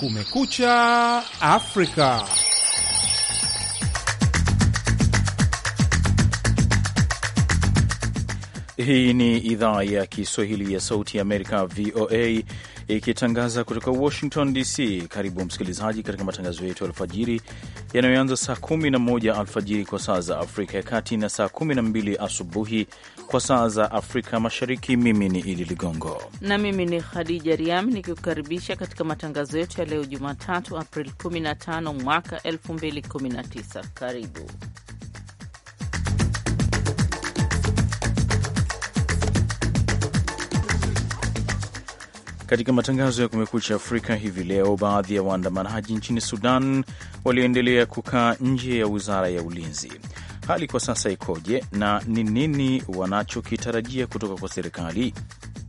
Kumekucha Afrika. Hii ni idhaa ya Kiswahili ya Sauti ya Amerika, VOA, ikitangaza kutoka Washington DC. Karibu msikilizaji katika matangazo yetu ya alfajiri yanayoanza saa 11 alfajiri kwa saa za Afrika ya Kati na saa 12 asubuhi kwa saa za Afrika Mashariki. Mimi ni Idi Ligongo na mimi ni Khadija Riam nikikukaribisha katika matangazo yetu ya leo Jumatatu Aprili 15 mwaka 2019. Karibu Katika matangazo ya Kumekucha Afrika hivi leo, baadhi ya waandamanaji nchini Sudan walioendelea kukaa nje ya wizara ya ulinzi. Hali kwa sasa ikoje na ni nini wanachokitarajia kutoka kwa serikali?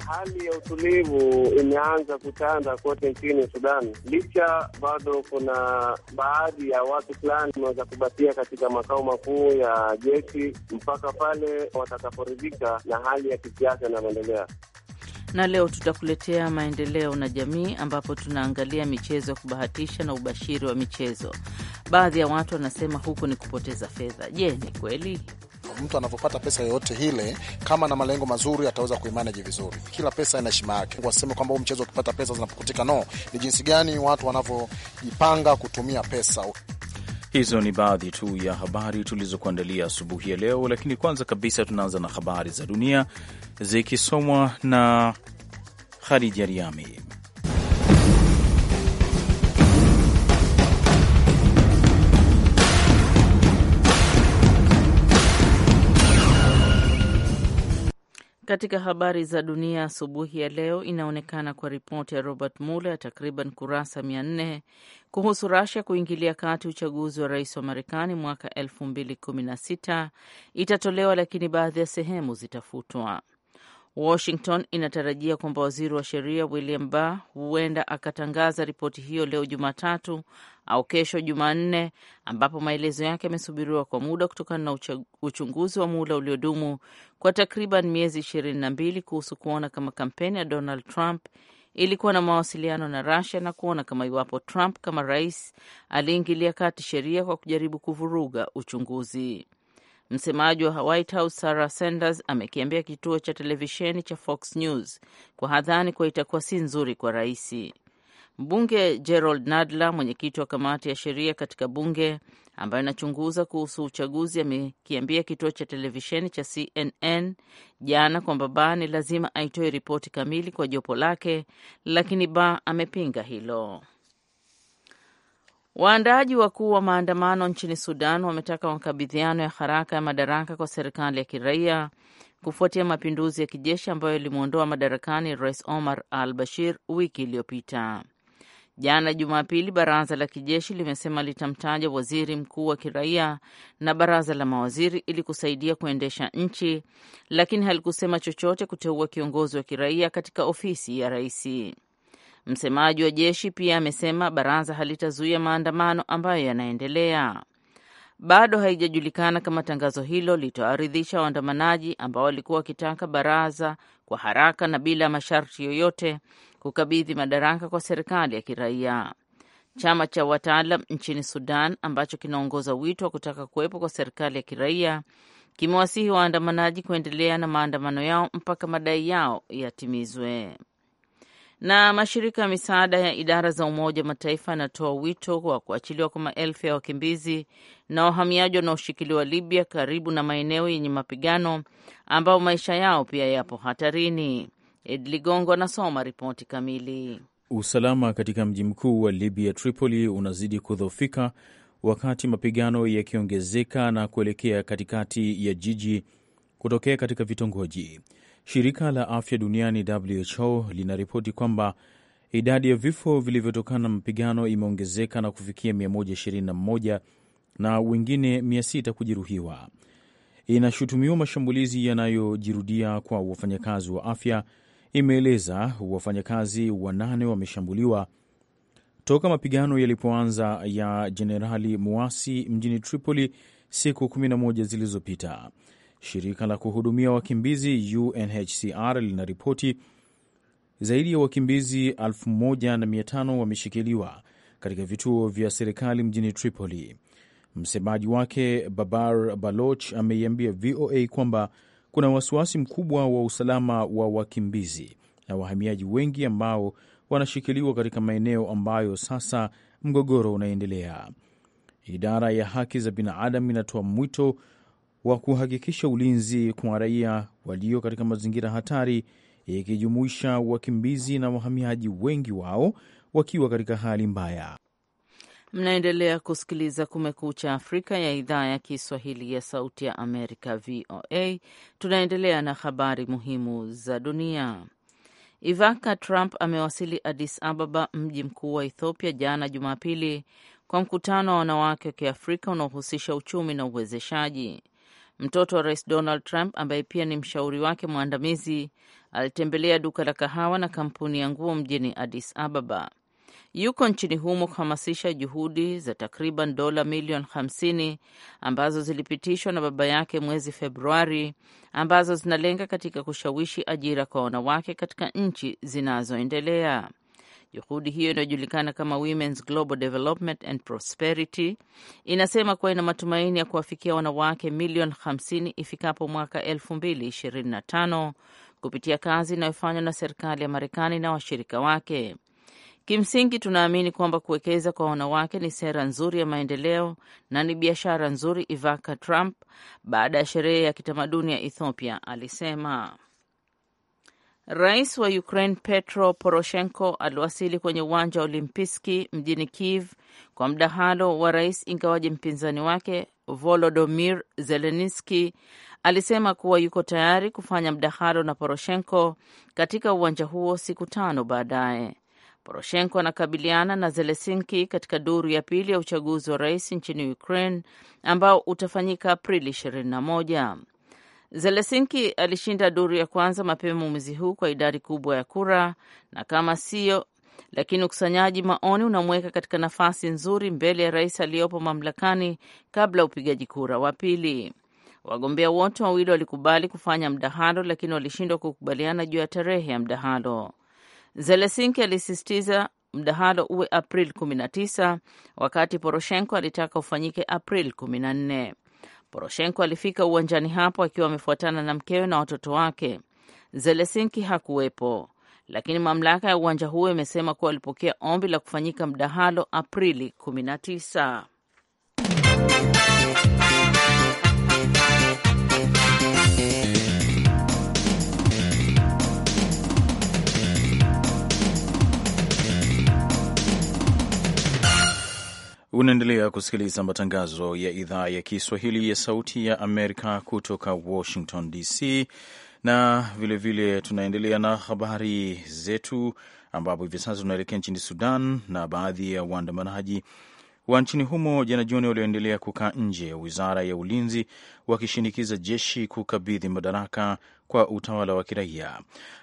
Hali ya utulivu imeanza kutanda kote nchini Sudan, licha bado kuna baadhi ya watu fulani wameweza kubakia katika makao makuu ya jeshi mpaka pale watakaporidhika na hali ya kisiasa inavyoendelea na leo tutakuletea maendeleo na jamii, ambapo tunaangalia michezo ya kubahatisha na ubashiri wa michezo. Baadhi ya watu wanasema huku ni kupoteza fedha. Je, ni kweli? Mtu anavyopata pesa yoyote ile, kama na malengo mazuri, ataweza ku vizuri. Kila pesa ina heshima yake. Waseme kwamba huu mchezo ukipata pesa zinapokutika, no, ni jinsi gani watu wanavyojipanga kutumia pesa. Hizo ni baadhi tu ya habari tulizokuandalia asubuhi ya leo, lakini kwanza kabisa tunaanza na habari za dunia zikisomwa na Khadija Riami. Katika habari za dunia asubuhi ya leo, inaonekana kwa ripoti ya Robert Mueller ya takriban kurasa mia nne kuhusu Russia kuingilia kati uchaguzi wa rais wa Marekani mwaka 2016 itatolewa, lakini baadhi ya sehemu zitafutwa. Washington inatarajia kwamba waziri wa sheria William Barr huenda akatangaza ripoti hiyo leo Jumatatu au kesho Jumanne, ambapo maelezo yake yamesubiriwa kwa muda kutokana na uchunguzi wa muda uliodumu kwa takriban miezi ishirini na mbili kuhusu kuona kama kampeni ya Donald Trump ilikuwa na mawasiliano na Russia na kuona kama iwapo Trump kama rais aliingilia kati sheria kwa kujaribu kuvuruga uchunguzi. Msemaji wa White House Sarah Sanders amekiambia kituo cha televisheni cha Fox News kwa hadhani kuwa itakuwa si nzuri kwa raisi. Mbunge Gerald Nadler, mwenyekiti wa kamati ya sheria katika bunge ambayo inachunguza kuhusu uchaguzi, amekiambia kituo cha televisheni cha CNN jana kwamba Ba ni lazima aitoe ripoti kamili kwa jopo lake, lakini Ba amepinga hilo. Waandaaji wakuu wa maandamano nchini Sudan wametaka makabidhiano ya haraka ya madaraka kwa serikali ya kiraia kufuatia mapinduzi ya kijeshi ambayo ilimwondoa madarakani rais Omar al Bashir wiki iliyopita. Jana Jumapili, baraza la kijeshi limesema litamtaja waziri mkuu wa kiraia na baraza la mawaziri ili kusaidia kuendesha nchi, lakini halikusema chochote kuteua kiongozi wa kiraia katika ofisi ya rais Msemaji wa jeshi pia amesema baraza halitazuia maandamano ambayo yanaendelea. Bado haijajulikana kama tangazo hilo litawaridhisha waandamanaji ambao walikuwa wakitaka baraza kwa haraka na bila masharti yoyote kukabidhi madaraka kwa serikali ya kiraia. Chama cha wataalam nchini Sudan ambacho kinaongoza wito wa kutaka kuwepo kwa serikali ya kiraia kimewasihi waandamanaji kuendelea na maandamano yao mpaka madai yao yatimizwe. Na mashirika ya misaada ya idara za Umoja wa Mataifa yanatoa wito wa kuachiliwa kwa maelfu ya wakimbizi na wahamiaji wanaoshikiliwa Libya, karibu na maeneo yenye mapigano, ambao maisha yao pia yapo hatarini. Ed Ligongo anasoma ripoti kamili. Usalama katika mji mkuu wa Libya, Tripoli, unazidi kudhoofika wakati mapigano yakiongezeka na kuelekea katikati ya jiji kutokea katika vitongoji. Shirika la afya duniani WHO linaripoti kwamba idadi ya vifo vilivyotokana na mapigano imeongezeka na kufikia 121 na wengine 600 kujeruhiwa. Inashutumiwa mashambulizi yanayojirudia kwa wafanyakazi wa afya imeeleza wafanyakazi wanane wameshambuliwa toka mapigano yalipoanza ya Jenerali Muasi mjini Tripoli siku 11 zilizopita. Shirika la kuhudumia wakimbizi UNHCR linaripoti zaidi ya wakimbizi 15 wameshikiliwa katika vituo vya serikali mjini Tripoli. Msemaji wake Babar Baloch ameiambia VOA kwamba kuna wasiwasi mkubwa wa usalama wa wakimbizi na wahamiaji wengi ambao wanashikiliwa katika maeneo ambayo sasa mgogoro unaendelea. Idara ya haki za binadamu inatoa mwito wa kuhakikisha ulinzi kwa raia walio katika mazingira hatari, ikijumuisha wakimbizi na wahamiaji, wengi wao wakiwa katika hali mbaya. Mnaendelea kusikiliza Kumekucha Afrika ya idhaa ya Kiswahili ya Sauti ya Amerika, VOA. Tunaendelea na habari muhimu za dunia. Ivanka Trump amewasili Addis Ababa, mji mkuu wa Ethiopia, jana Jumapili kwa mkutano wa wanawake wa Kiafrika unaohusisha uchumi na uwezeshaji. Mtoto wa rais Donald Trump ambaye pia ni mshauri wake mwandamizi alitembelea duka la kahawa na kampuni ya nguo mjini Addis Ababa yuko nchini humo kuhamasisha juhudi za takriban dola milioni 50 ambazo zilipitishwa na baba yake mwezi Februari, ambazo zinalenga katika kushawishi ajira kwa wanawake katika nchi zinazoendelea. Juhudi hiyo inayojulikana kama Women's Global Development and Prosperity inasema kuwa ina matumaini ya kuwafikia wanawake milioni 50 ifikapo mwaka 2025 kupitia kazi inayofanywa na serikali ya Marekani na washirika wake. Kimsingi tunaamini kwamba kuwekeza kwa wanawake ni sera nzuri ya maendeleo na ni biashara nzuri, Ivanka Trump baada ya sherehe ya kitamaduni ya Ethiopia alisema. Rais wa Ukraine Petro Poroshenko aliwasili kwenye uwanja wa Olimpiski mjini Kiev kwa mdahalo wa rais, ingawaji mpinzani wake volodomir Zelenski alisema kuwa yuko tayari kufanya mdahalo na Poroshenko katika uwanja huo siku tano baadaye. Poroshenko anakabiliana na zelesinki katika duru ya pili ya uchaguzi wa rais nchini Ukraine ambao utafanyika Aprili 21. zelesinki alishinda duru ya kwanza mapema mwezi huu kwa idadi kubwa ya kura na kama siyo lakini ukusanyaji maoni unamweka katika nafasi nzuri mbele ya rais aliyopo mamlakani kabla upigaji kura wa pili. Wagombea wote wawili walikubali kufanya mdahalo, lakini walishindwa kukubaliana juu ya tarehe ya mdahalo. Zelesinki alisisitiza mdahalo uwe April 19 wakati Poroshenko alitaka ufanyike April 14. Poroshenko alifika uwanjani hapo akiwa amefuatana na mkewe na watoto wake. Zelesinki hakuwepo, lakini mamlaka ya uwanja huo imesema kuwa walipokea ombi la kufanyika mdahalo Aprili 19. Unaendelea kusikiliza matangazo ya idhaa ya Kiswahili ya Sauti ya Amerika kutoka Washington DC, na vilevile vile tunaendelea na habari zetu, ambapo hivi sasa tunaelekea nchini Sudan na baadhi ya waandamanaji wa nchini humo jana jioni walioendelea kukaa nje ya wizara ya ulinzi wakishinikiza jeshi kukabidhi madaraka kwa utawala wa kiraia.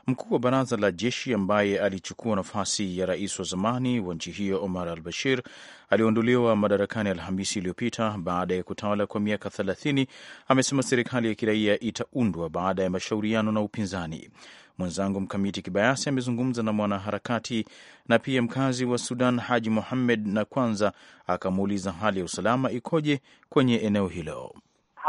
Mkuu wa baraza la jeshi ambaye alichukua nafasi ya rais wa zamani wa nchi hiyo Omar al Bashir aliondolewa madarakani Alhamisi iliyopita baada ya kutawala kwa miaka 30, amesema serikali ya kiraia itaundwa baada ya mashauriano na upinzani. Mwenzangu Mkamiti Kibayasi amezungumza na mwanaharakati na pia mkazi wa Sudan, Haji Muhammed, na kwanza akamuuliza hali ya usalama ikoje kwenye eneo hilo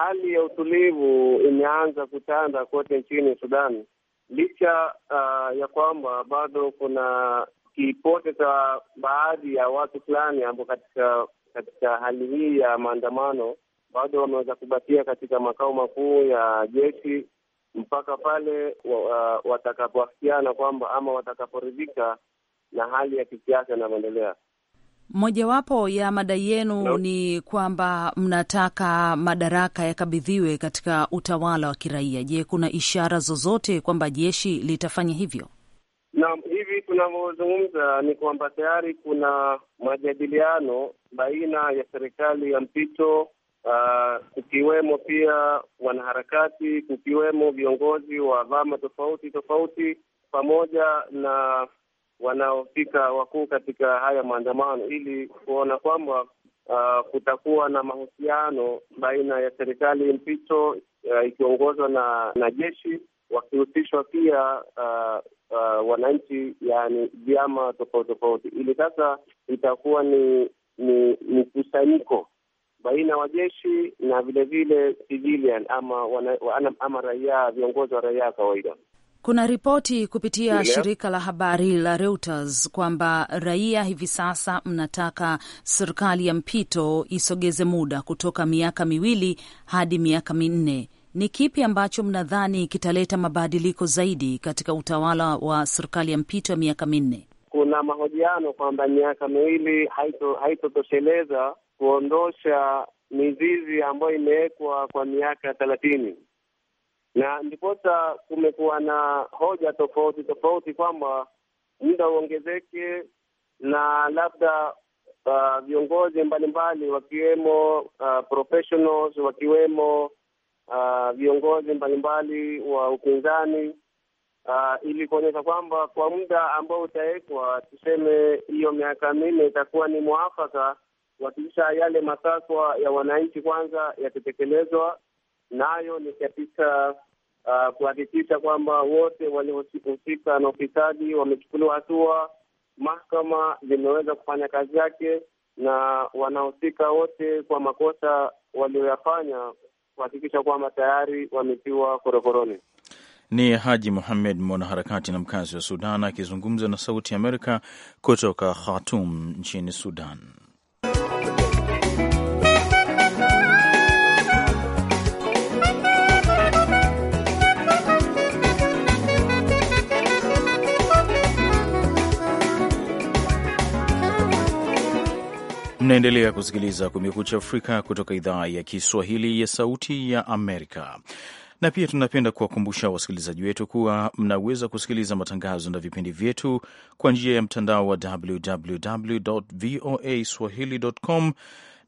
hali ya utulivu imeanza kutanda kote nchini Sudan licha uh, ya kwamba bado kuna kipote cha baadhi ya watu fulani ambao katika katika hali hii ya maandamano bado wameweza kubakia katika makao makuu ya jeshi mpaka pale uh, watakapoafikiana kwamba ama watakaporidhika na hali ya kisiasa inavyoendelea. Mojawapo ya madai yenu no. ni kwamba mnataka madaraka yakabidhiwe katika utawala wa kiraia. Je, kuna ishara zozote kwamba jeshi litafanya hivyo? Naam, hivi tunavyozungumza ni kwamba tayari kuna majadiliano baina ya serikali ya mpito ah, kukiwemo pia wanaharakati, kukiwemo viongozi wa vyama tofauti tofauti pamoja na wanaofika wakuu katika haya maandamano ili kuona kwamba uh, kutakuwa na mahusiano baina ya serikali mpito uh, ikiongozwa na na jeshi wakihusishwa pia uh, uh, wananchi, yani vyama tofauti tofauti, ili sasa itakuwa ni ni mkusanyiko baina jeshi na vilevile civilian ama wana, ama raia, viongozi wa raia kawaida. Kuna ripoti kupitia yeah, shirika la habari la Reuters kwamba raia hivi sasa mnataka serikali ya mpito isogeze muda kutoka miaka miwili hadi miaka minne. Ni kipi ambacho mnadhani kitaleta mabadiliko zaidi katika utawala wa serikali ya mpito ya miaka minne? Kuna mahojiano kwamba miaka miwili haitotosheleza haito kuondosha mizizi ambayo imewekwa kwa miaka thelathini na ndiposa kumekuwa na hoja tofauti tofauti kwamba muda uongezeke na labda uh, viongozi mbalimbali wakiwemo uh, professionals wakiwemo uh, viongozi mbalimbali wa upinzani uh, ili kuonyesha kwamba kwa muda ambao utawekwa, tuseme hiyo miaka minne, itakuwa ni mwafaka kuhakikisha yale matakwa ya wananchi kwanza yatatekelezwa nayo ni katika uh, kuhakikisha kwamba wote waliohusika na ufisadi wamechukuliwa hatua. Mahakama zimeweza kufanya kazi yake, na wanahusika wote kwa makosa walioyafanya kuhakikisha kwamba tayari wametiwa korokoroni. Ni Haji Muhammed, mwanaharakati na mkazi wa Sudan, akizungumza na Sauti ya Amerika kutoka Khartoum nchini Sudan. Mnaendelea kusikiliza Kumekucha Afrika kutoka idhaa ya Kiswahili ya Sauti ya Amerika. Na pia tunapenda kuwakumbusha wasikilizaji wetu kuwa mnaweza kusikiliza matangazo na vipindi vyetu kwa njia ya mtandao wa www voa swahili.com.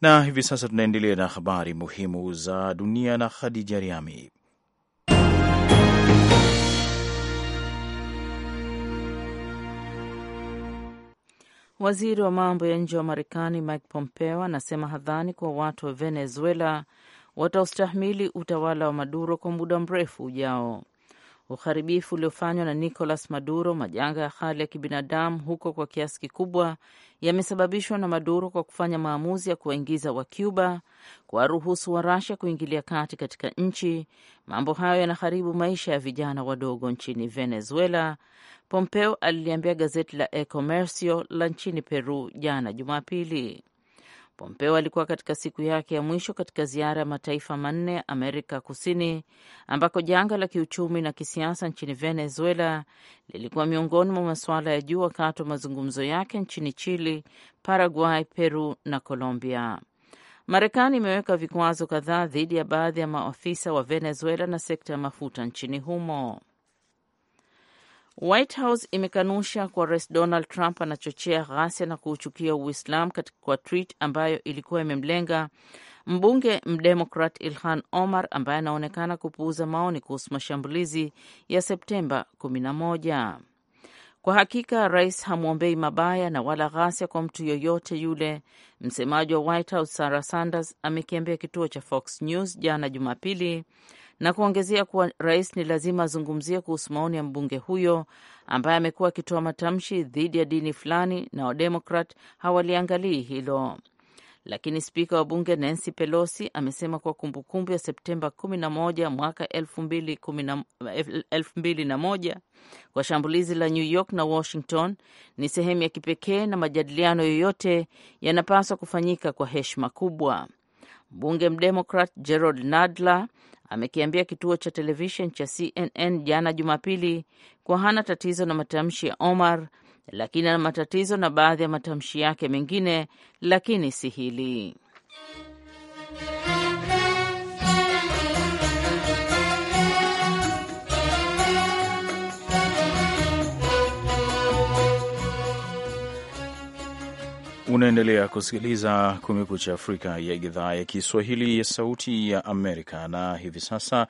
Na hivi sasa tunaendelea na habari muhimu za dunia na Khadija Riami. Waziri wa mambo ya nje wa Marekani Mike Pompeo anasema hadhani kuwa watu wa Venezuela wataustahimili utawala wa Maduro kwa muda mrefu ujao uharibifu uliofanywa na Nicolas Maduro, majanga ya hali ya kibinadamu huko kwa kiasi kikubwa yamesababishwa na Maduro kwa kufanya maamuzi ya kuwaingiza wa Cuba, kuwaruhusu wa rasha kuingilia kati katika nchi. Mambo hayo yanaharibu maisha ya vijana wadogo nchini Venezuela, Pompeo aliliambia gazeti la ecomercio la nchini Peru jana Jumapili. Pompeo alikuwa katika siku yake ya mwisho katika ziara ya mataifa manne ya Amerika Kusini, ambako janga la kiuchumi na kisiasa nchini Venezuela lilikuwa miongoni mwa masuala ya juu wakati wa mazungumzo yake nchini Chile, Paraguay, Peru na Colombia. Marekani imeweka vikwazo kadhaa dhidi ya baadhi ya maafisa wa Venezuela na sekta ya mafuta nchini humo. White House imekanusha kuwa Rais Donald Trump anachochea ghasia na kuuchukia Uislam kwa tweet ambayo ilikuwa imemlenga mbunge mdemokrat Ilhan Omar ambaye anaonekana kupuuza maoni kuhusu mashambulizi ya Septemba 11. Kwa hakika rais hamwombei mabaya na wala ghasia kwa mtu yoyote yule, msemaji wa White House Sarah Sanders amekiambia kituo cha Fox News jana Jumapili, na kuongezea kuwa rais ni lazima azungumzie kuhusu maoni ya mbunge huyo ambaye amekuwa akitoa matamshi dhidi ya dini fulani, na Wademokrat hawaliangalii hilo. Lakini spika wa bunge Nancy Pelosi amesema kuwa kumbukumbu ya Septemba 11 mwaka 2001 kwa shambulizi la New York na Washington ni sehemu ya kipekee na majadiliano yoyote yanapaswa kufanyika kwa heshima kubwa. Mbunge mdemokrat Gerald Nadler amekiambia kituo cha televishen cha CNN jana Jumapili kuwa hana tatizo na matamshi ya Omar, lakini ana matatizo na baadhi ya matamshi yake mengine, lakini si hili. Unaendelea kusikiliza Kumekucha Afrika ya idhaa ya Kiswahili ya Sauti ya Amerika, na hivi sasa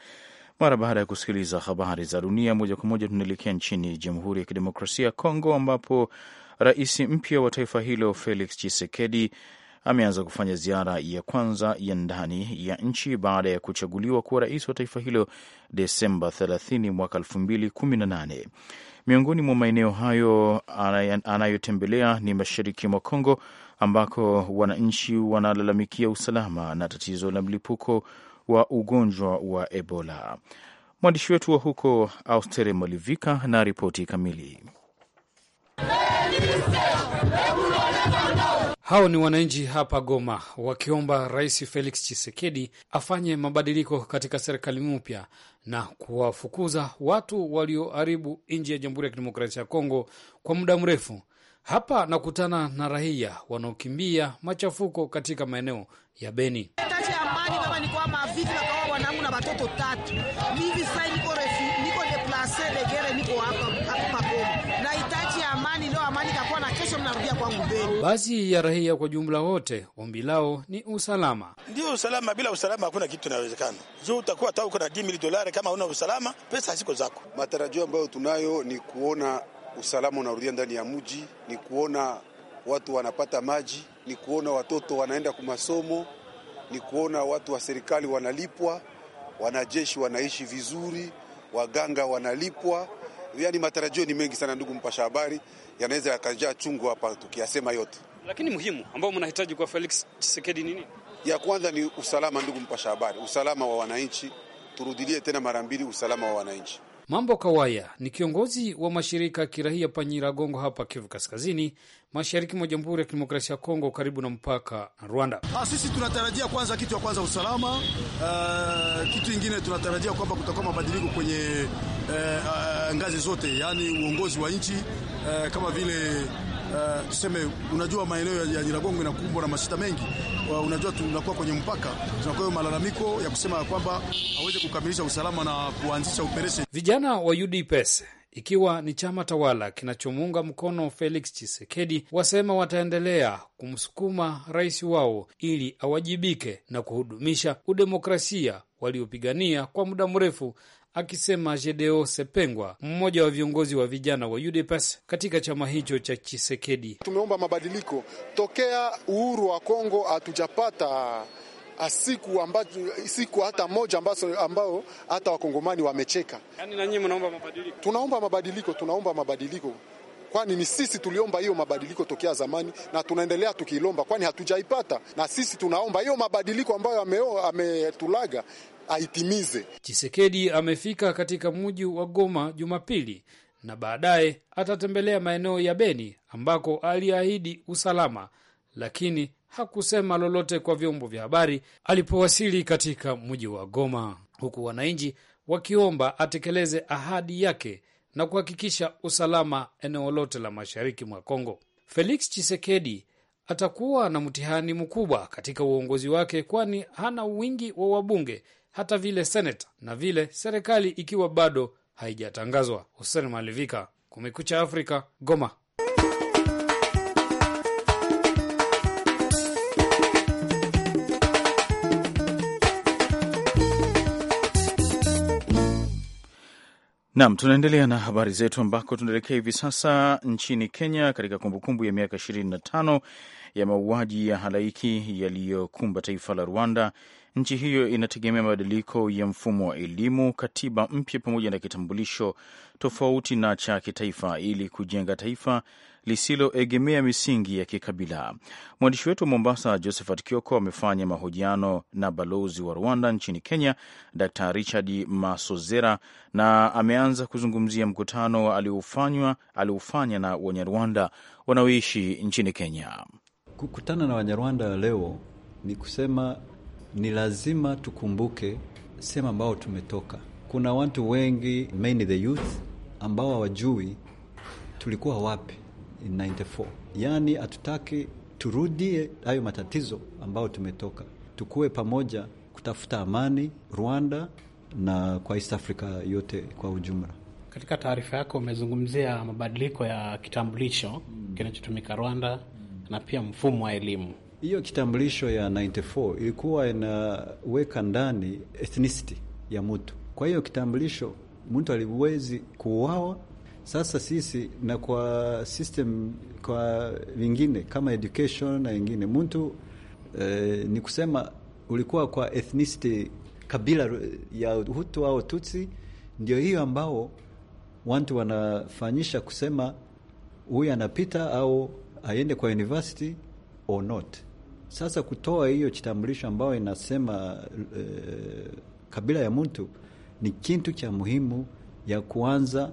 mara baada ya kusikiliza habari za dunia moja kwa moja, tunaelekea nchini Jamhuri ya Kidemokrasia ya Kongo ambapo rais mpya wa taifa hilo Felix Tshisekedi ameanza kufanya ziara ya kwanza ya ndani ya nchi baada ya kuchaguliwa kuwa rais wa taifa hilo Desemba 30 mwaka 2018. Miongoni mwa maeneo hayo anayotembelea ni mashariki mwa Kongo ambako wananchi wanalalamikia usalama na tatizo la mlipuko wa ugonjwa wa Ebola. Mwandishi wetu wa huko Austere Malivika na ripoti kamili hao ni wananchi hapa Goma wakiomba Rais Felix Tshisekedi afanye mabadiliko katika serikali mpya na kuwafukuza watu walioharibu nchi ya Jamhuri ya Kidemokrasia ya Kongo kwa muda mrefu. Hapa nakutana na raia wanaokimbia machafuko katika maeneo ya Beni. Wanangu na watoto tatu basi ya raia kwa jumla wote ombi lao ni usalama. Ndio usalama, bila usalama hakuna kitu inawezekana. Juu utakuwa ta uko na 10 dolari, kama una usalama pesa haziko zako. Matarajio ambayo tunayo ni kuona usalama unarudia ndani ya mji, ni kuona watu wanapata maji, ni kuona watoto wanaenda kwa masomo, ni kuona watu wa serikali wanalipwa, wanajeshi wanaishi vizuri, waganga wanalipwa yani matarajio ni mengi sana, ndugu mpasha habari, yanaweza yakajaa chungu hapa tukiyasema yote, lakini muhimu ambao mnahitaji kwa Felix Tshisekedi nini? Ya kwanza ni usalama, ndugu mpasha habari, usalama wa wananchi. Turudilie tena mara mbili, usalama wa wananchi. Mambo Kawaya ni kiongozi wa mashirika ya kirahia Panyiragongo hapa Kivu Kaskazini, mashariki mwa Jamhuri ya Kidemokrasia ya Kongo, karibu na mpaka na Rwanda. Ha, ah, sisi tunatarajia kwanza, kitu ya kwanza usalama. Uh, kitu ingine tunatarajia kwamba kutakuwa mabadiliko kwenye uh, uh, ngazi zote, yaani uongozi wa nchi uh, kama vile uh, tuseme, unajua maeneo ya Nyiragongo inakumbwa na mashita mengi uh, unajua tunakuwa kwenye mpaka, tunakuwa malalamiko ya kusema kwamba hawezi kukamilisha usalama na kuanzisha operesheni. Vijana wa UDPS ikiwa ni chama tawala kinachomuunga mkono Felix Chisekedi wasema wataendelea kumsukuma rais wao ili awajibike na kuhudumisha udemokrasia waliopigania kwa muda mrefu akisema Gedeo Sepengwa, mmoja wa viongozi wa vijana wa UDPS katika chama hicho cha Chisekedi. Tumeomba mabadiliko tokea uhuru wa Kongo, hatujapata siku ambazo siku hata moja ambazo ambao hata wakongomani wamecheka. Yaani na nyinyi mnaomba mabadiliko? Tunaomba mabadiliko, tunaomba mabadiliko kwani ni sisi tuliomba hiyo mabadiliko tokea zamani na tunaendelea tukiilomba, kwani hatujaipata. Na sisi tunaomba hiyo mabadiliko ambayo ametulaga aitimize. Chisekedi amefika katika mji wa Goma Jumapili na baadaye atatembelea maeneo ya Beni ambako aliahidi usalama, lakini hakusema lolote kwa vyombo vya habari alipowasili katika mji wa Goma, huku wananchi wakiomba atekeleze ahadi yake na kuhakikisha usalama eneo lote la mashariki mwa Kongo. Felix Chisekedi atakuwa na mtihani mkubwa katika uongozi wake, kwani hana wingi wa wabunge hata vile seneta na vile serikali ikiwa bado haijatangazwa. Hussein Malivika, Kumekucha Afrika, Goma. Nam, tunaendelea na habari zetu ambako tunaelekea hivi sasa nchini Kenya, katika kumbukumbu ya miaka 25 ya mauaji ya halaiki yaliyokumba taifa la Rwanda Nchi hiyo inategemea mabadiliko ya mfumo wa elimu, katiba mpya pamoja na kitambulisho tofauti na cha kitaifa ili kujenga taifa lisiloegemea misingi ya kikabila. Mwandishi wetu wa Mombasa, Josephat Kioko, amefanya mahojiano na balozi wa Rwanda nchini Kenya, Dr Richard Masozera, na ameanza kuzungumzia mkutano aliofanya na Wanyarwanda wanaoishi nchini Kenya. Kukutana na Wanyarwanda leo ni kusema ni lazima tukumbuke sehemu ambao tumetoka. Kuna watu wengi mainly the youth ambao hawajui tulikuwa wapi in 94. Yaani hatutaki turudie hayo matatizo ambayo tumetoka, tukuwe pamoja kutafuta amani Rwanda na kwa East Africa yote kwa ujumla. Katika taarifa yako umezungumzia mabadiliko ya kitambulisho mm. kinachotumika Rwanda mm. na pia mfumo wa elimu hiyo kitambulisho ya 94 ilikuwa inaweka ndani ethnicity ya mtu. Kwa hiyo kitambulisho mtu aliwezi kuuawa. Sasa sisi na kwa system kwa vingine kama education na wengine mtu eh, ni kusema ulikuwa kwa ethnicity kabila ya Hutu au Tutsi, ndio hiyo ambao watu wanafanyisha kusema huyu anapita au aende kwa university or not. Sasa kutoa hiyo kitambulisho ambayo inasema e, kabila ya mtu ni kitu cha muhimu ya kuanza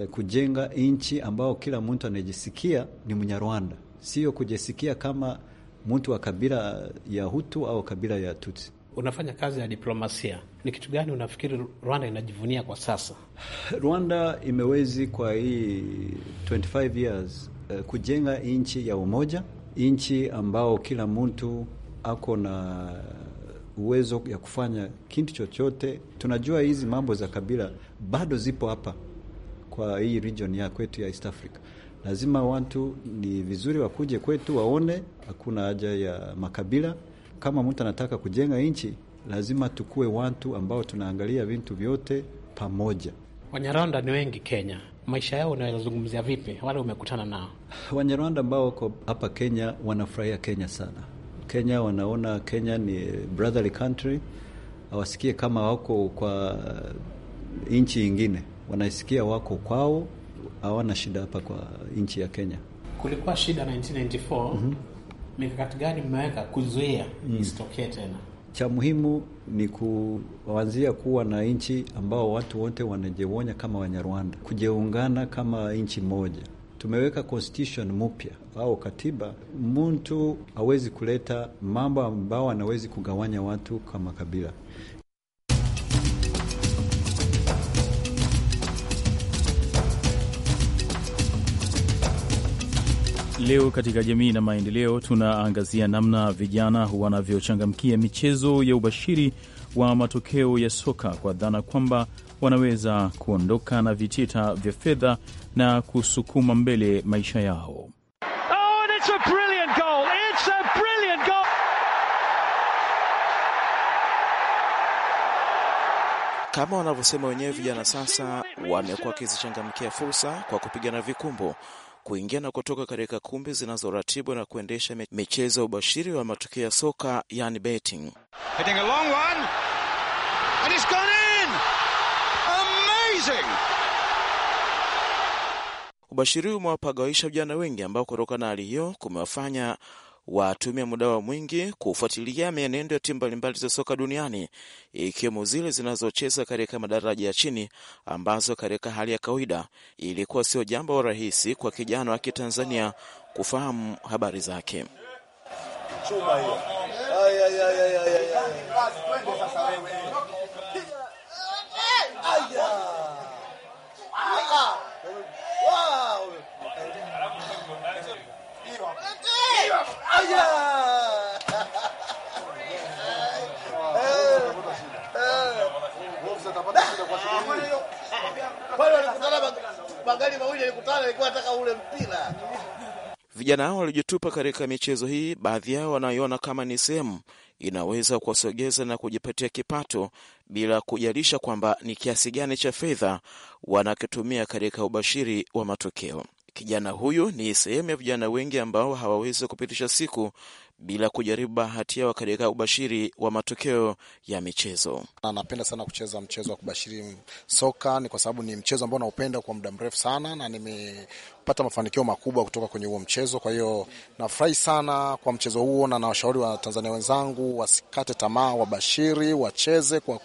e, kujenga nchi ambayo kila mtu anajisikia ni Mnyarwanda, sio kujisikia kama mtu wa kabila ya Hutu au kabila ya Tutsi. Unafanya kazi ya diplomasia, ni kitu gani unafikiri Rwanda inajivunia kwa sasa? Rwanda imewezi kwa hii 25 years e, kujenga nchi ya umoja inchi ambao kila mtu ako na uwezo ya kufanya kitu chochote. Tunajua hizi mambo za kabila bado zipo hapa kwa hii region ya kwetu ya East Africa. Lazima watu ni vizuri wakuje kwetu waone hakuna haja ya makabila. Kama mtu anataka kujenga nchi, lazima tukue watu ambao tunaangalia vitu vyote pamoja. Wanyarwanda ni wengi Kenya, maisha yao unayozungumzia vipi? Wale umekutana nao Wanyarwanda ambao wako hapa Kenya wanafurahia Kenya sana. Kenya wanaona Kenya ni brotherly country, hawasikie kama wako kwa nchi ingine, wanaisikia wako kwao, hawana shida hapa kwa nchi ya Kenya. Kulikuwa shida 1994. mm -hmm. Mikakati gani mmeweka kuzuia mm. isitokee tena? Cha muhimu ni kuanzia kuwa na nchi ambao watu wote wanajionya kama Wanyarwanda, kujeungana kama nchi moja. Tumeweka constitution mpya au katiba. Mtu hawezi kuleta mambo ambao anawezi kugawanya watu kama kabila. Leo katika jamii na maendeleo tunaangazia namna vijana wanavyochangamkia michezo ya ubashiri wa matokeo ya soka kwa dhana kwamba wanaweza kuondoka na vitita vya fedha na kusukuma mbele maisha yao. Oh, kama wanavyosema wenyewe vijana sasa wamekuwa wakizichangamkia fursa kwa kupigana vikumbo kuingia na kutoka katika kumbi zinazoratibu na kuendesha michezo ya ubashiri wa matokeo ya soka, yani betting. Ubashiri umewapagawisha vijana wengi ambao kutokana na hali hiyo kumewafanya watumia muda wa mwingi kufuatilia mienendo ya timu mbalimbali za soka duniani ikiwemo zile zinazocheza katika madaraja ya chini ambazo katika hali ya kawaida ilikuwa sio jambo rahisi kwa kijana wa Kitanzania kufahamu habari zake. Chuma hiyo. Ay, ay, ay, ay, ay, ay. Vijana hao walijitupa katika michezo hii, baadhi yao wanaiona kama ni sehemu inaweza kuwasogeza na kujipatia kipato bila kujalisha kwamba ni kiasi gani cha fedha wanakitumia katika ubashiri wa matokeo. Kijana huyu ni sehemu ya vijana wengi ambao hawawezi kupitisha siku bila kujaribu bahati yao katika ubashiri wa matokeo ya michezo. Napenda sana kucheza mchezo wa kubashiri soka, ni kwa sababu ni mchezo ambao naupenda kwa muda mrefu sana, na nimepata mafanikio makubwa kutoka kwenye huo mchezo. Kwa hiyo nafurahi sana kwa mchezo huo, na nawashauri tanzania wenzangu wasikate tamaa, wabashiri, wacheze kwa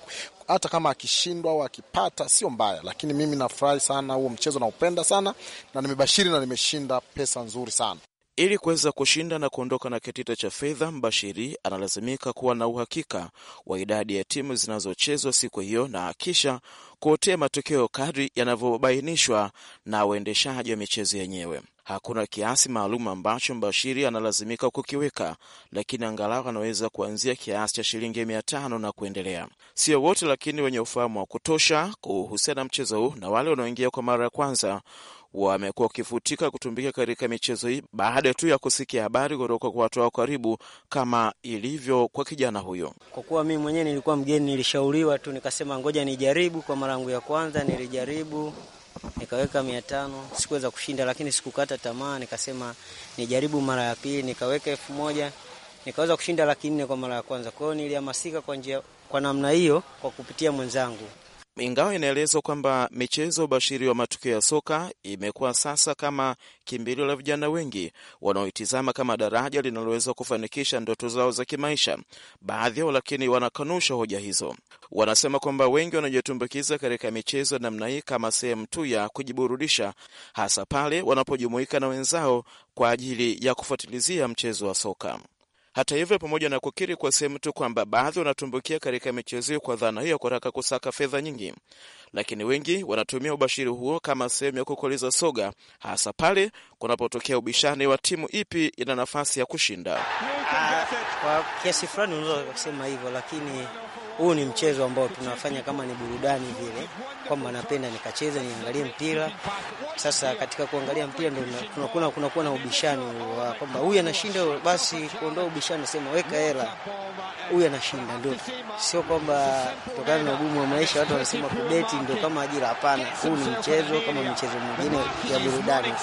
hata kama akishindwa au akipata sio mbaya, lakini mimi nafurahi sana huo mchezo, naupenda sana na nimebashiri na nimeshinda pesa nzuri sana. Ili kuweza kushinda na kuondoka na kitita cha fedha, Mbashiri analazimika kuwa na uhakika wa idadi ya timu zinazochezwa siku hiyo na kisha kuotea matokeo kadri yanavyobainishwa na uendeshaji wa michezo yenyewe. Hakuna kiasi maalum ambacho Mbashiri analazimika kukiweka, lakini angalau anaweza kuanzia kiasi cha shilingi mia tano na kuendelea. Sio wote lakini wenye ufahamu wa kutosha kuhusiana na mchezo huu na wale wanaoingia kwa mara ya kwanza wamekuwa wakifutika kutumbika katika michezo hii baada tu ya kusikia habari kutoka kwa watu wao karibu, kama ilivyo kwa kijana huyo. Kwa kuwa mimi mwenyewe nilikuwa mgeni, nilishauriwa tu, nikasema ngoja nijaribu. Kwa mara yangu ya kwanza nilijaribu nikaweka mia tano, sikuweza kushinda, lakini sikukata tamaa, nikasema nijaribu mara ya pili, nikaweka elfu moja nikaweza kushinda laki nne kwa mara ya kwanza. Kwa hiyo nilihamasika kwa njia, kwa namna hiyo, kwa kupitia mwenzangu. Ingawa inaelezwa kwamba michezo bashiri wa matukio ya soka imekuwa sasa kama kimbilio la vijana wengi wanaoitizama kama daraja linaloweza kufanikisha ndoto zao za kimaisha, baadhi yao lakini wanakanusha hoja hizo. Wanasema kwamba wengi wanajitumbukiza katika michezo ya namna hii kama sehemu tu ya kujiburudisha, hasa pale wanapojumuika na wenzao kwa ajili ya kufuatilizia mchezo wa soka. Hata hivyo, pamoja na kukiri kwa sehemu tu kwamba baadhi wanatumbukia katika michezo hiyo kwa dhana hiyo kutaka kusaka fedha nyingi, lakini wengi wanatumia ubashiri huo kama sehemu ya kukoleza soga, hasa pale kunapotokea ubishani wa timu ipi ina nafasi ya kushinda. Ah, kwa kiasi fulani unaweza kusema hivyo, lakini huu ni mchezo ambao tunafanya kama ni burudani vile, kwamba napenda nikacheze niangalie mpira. Sasa katika kuangalia mpira ndio kunakuwa kuna na ubishani wa kwamba huyu anashinda, basi kuondoa ubishani, sema weka hela, huyu anashinda. Ndio sio kwamba kutokana na ugumu wa maisha watu wanasema kubeti ndio kama ajira. Hapana, huu ni mchezo kama michezo mingine ya burudani.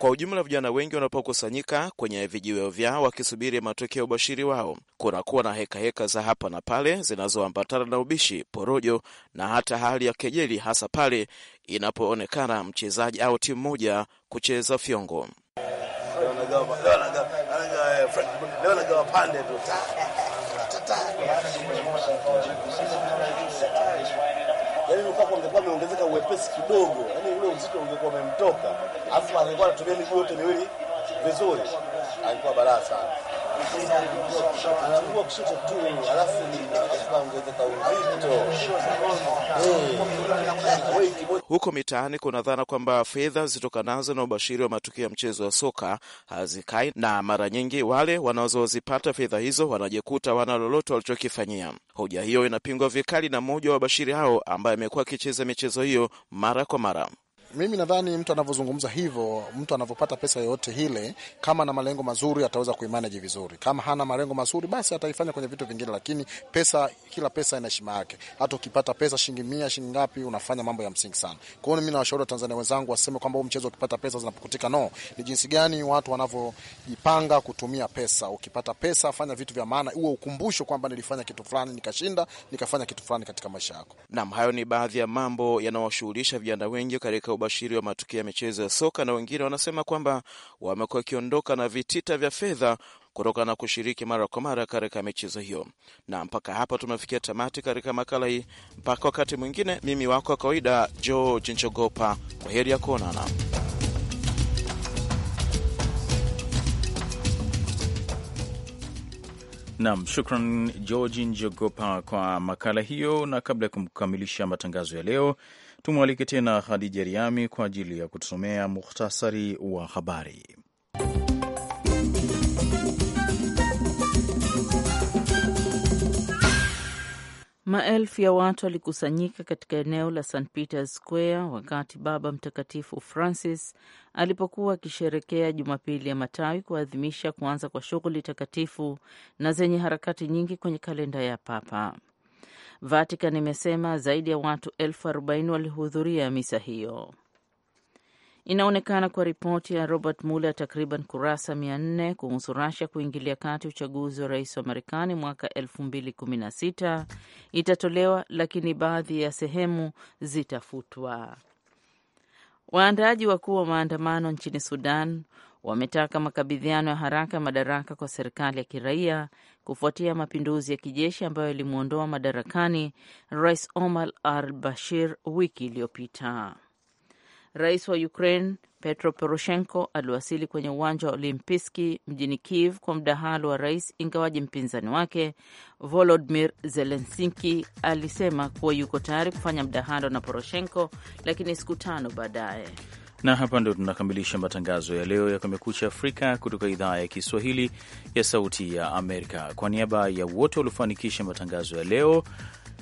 Kwa ujumla, vijana wengi wanapokusanyika kwenye vijiweo vyao wakisubiri matokeo ubashiri wao, kunakuwa na hekaheka heka za hapa na pale zinazoambatana na ubishi, porojo na hata hali ya kejeli, hasa pale inapoonekana mchezaji au timu moja kucheza fyongo yani ile upepo ungekuwa umeongezeka uwepesi kidogo, yani ule uzito ungekuwa umemtoka, afu angekuwa anatumia miguu yote miwili vizuri, alikuwa balaa sana anakuwa kushoto tu, alafu eh. huko mitaani kuna dhana kwamba fedha zitokanazo na ubashiri wa matukio ya mchezo wa soka hazikai, na mara nyingi wale wanazozipata fedha hizo wanajikuta wana lolote walichokifanyia. Hoja hiyo inapingwa vikali na mmoja wa wabashiri hao ambaye amekuwa akicheza michezo hiyo mara kwa mara. Mimi nadhani mtu anavyozungumza hivyo, mtu anavyopata pesa yoyote ile, kama na malengo mazuri ataweza kuimanage vizuri. Kama hana malengo mazuri, basi ataifanya kwenye vitu vingine, lakini pesa, kila pesa ina heshima yake. Hata ukipata pesa shilingi 100 shilingi ngapi, unafanya mambo ya msingi sana. Kwa hiyo mimi nawashauri Watanzania wenzangu waseme kwamba huu mchezo ukipata pesa zinapokutika, No, ni jinsi gani watu wanavyojipanga kutumia pesa. Ukipata pesa fanya vitu vya maana, uwe ukumbusho kwamba nilifanya kitu fulani nikashinda, nikafanya kitu fulani katika maisha yako. Naam, hayo ni baadhi ya mambo yanayowashughulisha vijana wengi katika ubashiri wa matukio ya michezo ya soka na wengine wanasema kwamba wamekuwa wakiondoka na vitita vya fedha kutokana na kushiriki mara kwa mara katika michezo hiyo. Na mpaka hapa tumefikia tamati katika makala hii. Mpaka wakati mwingine, mimi wako wa kawaida George Njogopa, kwa heri ya kuonana. Nam, shukran Georgi Njogopa kwa makala hiyo. Na kabla ya kumkamilisha matangazo ya leo, Tumwalike tena Khadija Riami kwa ajili ya kutusomea muhtasari wa habari. Maelfu ya watu walikusanyika katika eneo la St Peter's Square wakati Baba Mtakatifu Francis alipokuwa akisherekea Jumapili ya Matawi kuadhimisha kuanza kwa shughuli takatifu na zenye harakati nyingi kwenye kalenda ya Papa. Vatican imesema zaidi ya watu elfu arobaini walihudhuria misa hiyo. Inaonekana kwa ripoti ya Robert Mueller takriban kurasa mia nne kuhusu Rasia kuingilia kati uchaguzi wa rais wa Marekani mwaka 216 itatolewa, lakini baadhi ya sehemu zitafutwa. Waandaaji wakuu wa maandamano nchini Sudan wametaka makabidhiano ya haraka ya madaraka kwa serikali ya kiraia kufuatia mapinduzi ya kijeshi ambayo yalimwondoa madarakani Rais Omar al Bashir wiki iliyopita. Rais wa Ukraine Petro Poroshenko aliwasili kwenye uwanja wa Olimpiski mjini Kiev kwa mdahalo wa rais, ingawaji mpinzani wake Volodimir Zelensinki alisema kuwa yuko tayari kufanya mdahalo na Poroshenko, lakini siku tano baadaye na hapa ndio tunakamilisha matangazo ya leo ya Kumekucha Afrika kutoka idhaa ya Kiswahili ya Sauti ya Amerika. Kwa niaba ya wote waliofanikisha matangazo ya leo,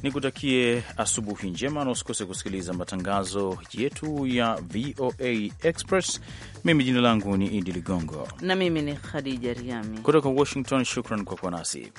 nikutakie asubuhi njema na usikose kusikiliza matangazo yetu ya VOA Express. Mimi jina langu ni Idi Ligongo na mimi ni Khadija Riami kutoka Washington. Shukran kwa kuwa nasi.